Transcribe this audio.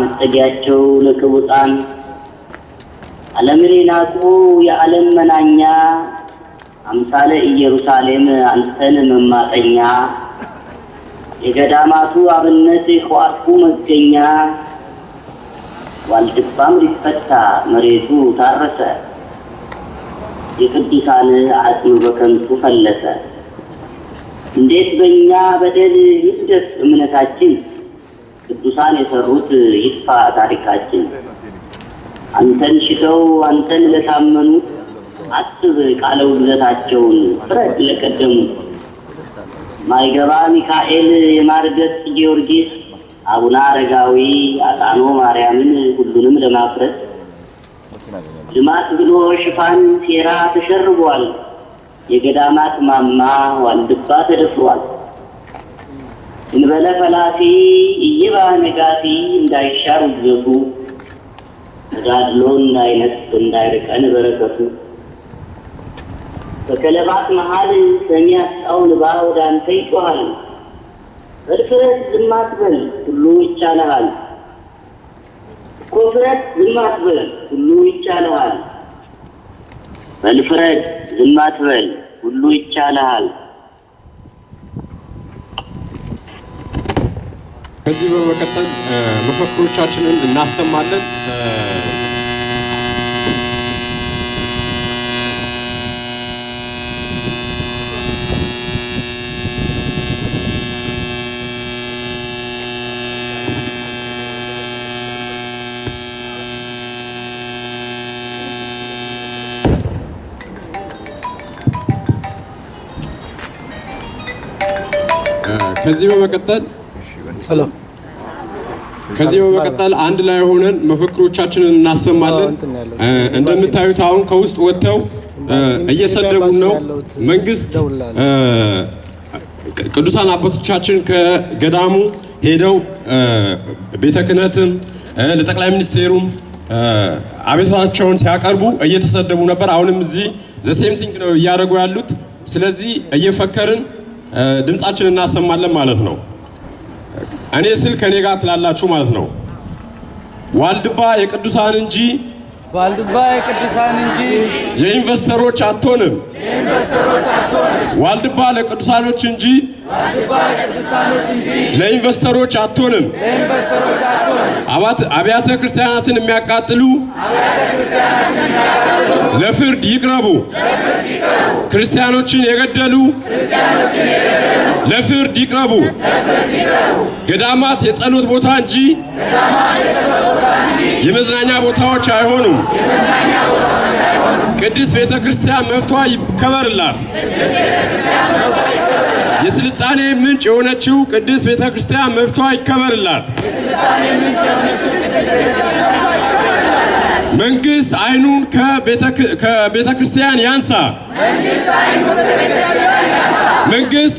መጠጊያቸው ለክቡጣን ዓለምን የናቁ የዓለም መናኛ አምሳለ ኢየሩሳሌም አንተን መማጠኛ የገዳማቱ አብነት ከዋርፉ መገኛ ዋልድባም ሊፈታ መሬቱ ታረሰ የቅዱሳን አጽም በከንቱ ፈለሰ። እንዴት በእኛ በደል ይደስ እምነታችን ቅዱሳን የሰሩት ይጥፋ ታሪካችን። አንተን ሽተው አንተን ለታመኑት አስብ ቃለ ውግዘታቸውን ፍረድ ለቀደሙት። ማይገባ ሚካኤል፣ የማርገት ጊዮርጊስ፣ አቡነ አረጋዊ፣ አጣኖ ማርያምን ሁሉንም ለማፍረት ልማት ብሎ ሽፋን ሴራ ተሸርቧል። የገዳማት ማማ ዋልድባ ተደፍሯል። እንበለ ፈላፊ ነጋሲ እንዳይሻር ውዘቱ ተጋድሎ እንዳይነጥፍ እንዳይርቀን በረከቱ በከለባት መሃል ከሚያስጣው ንባ ልባ ወደ አንተ ይጮሃል። እርፍረት ዝም አትበል ሁሉ ይቻልሃል። ኮፍረት ዝም አትበል ሁሉ ይቻልሃል። መልፍረት ዝም አትበል ሁሉ ይቻልሃል። ከዚህ በመቀጠል መፈክሮቻችንን እናሰማለን። ከዚህ በመቀጠል ሰላም። ከዚህ በመቀጠል አንድ ላይ ሆነን መፈክሮቻችንን እናሰማለን። እንደምታዩት አሁን ከውስጥ ወጥተው እየሰደቡን ነው። መንግስት ቅዱሳን አባቶቻችን ከገዳሙ ሄደው ቤተ ክህነትም ለጠቅላይ ሚኒስቴሩም አቤቱታቸውን ሲያቀርቡ እየተሰደቡ ነበር። አሁንም እዚህ ዘሴምቲንግ ነው እያደረጉ ያሉት። ስለዚህ እየፈከርን ድምፃችን እናሰማለን ማለት ነው። እኔ ስል ከኔ ጋር ትላላችሁ ማለት ነው። ዋልድባ የቅዱሳን እንጂ ዋልድባ የቅዱሳን እንጂ የኢንቨስተሮች አትሆንም። ዋልድባ ለቅዱሳኖች እንጂ ለኢንቨስተሮች አትሆንም። አባት አብያተ ክርስቲያናትን የሚያቃጥሉ ለፍርድ ይቅረቡ። ክርስቲያኖችን የገደሉ ለፍርድ ይቅረቡ። ገዳማት የጸሎት ቦታ እንጂ የመዝናኛ ቦታዎች አይሆኑም። ቅድስት ቤተ ክርስቲያን መብቷ ይከበርላት። የስልጣኔ ምንጭ የሆነችው ቅድስት ቤተ ክርስቲያን መብቷ ይከበርላት። መንግስት አይኑን ከቤተ ክርስቲያን ያንሳ። መንግስት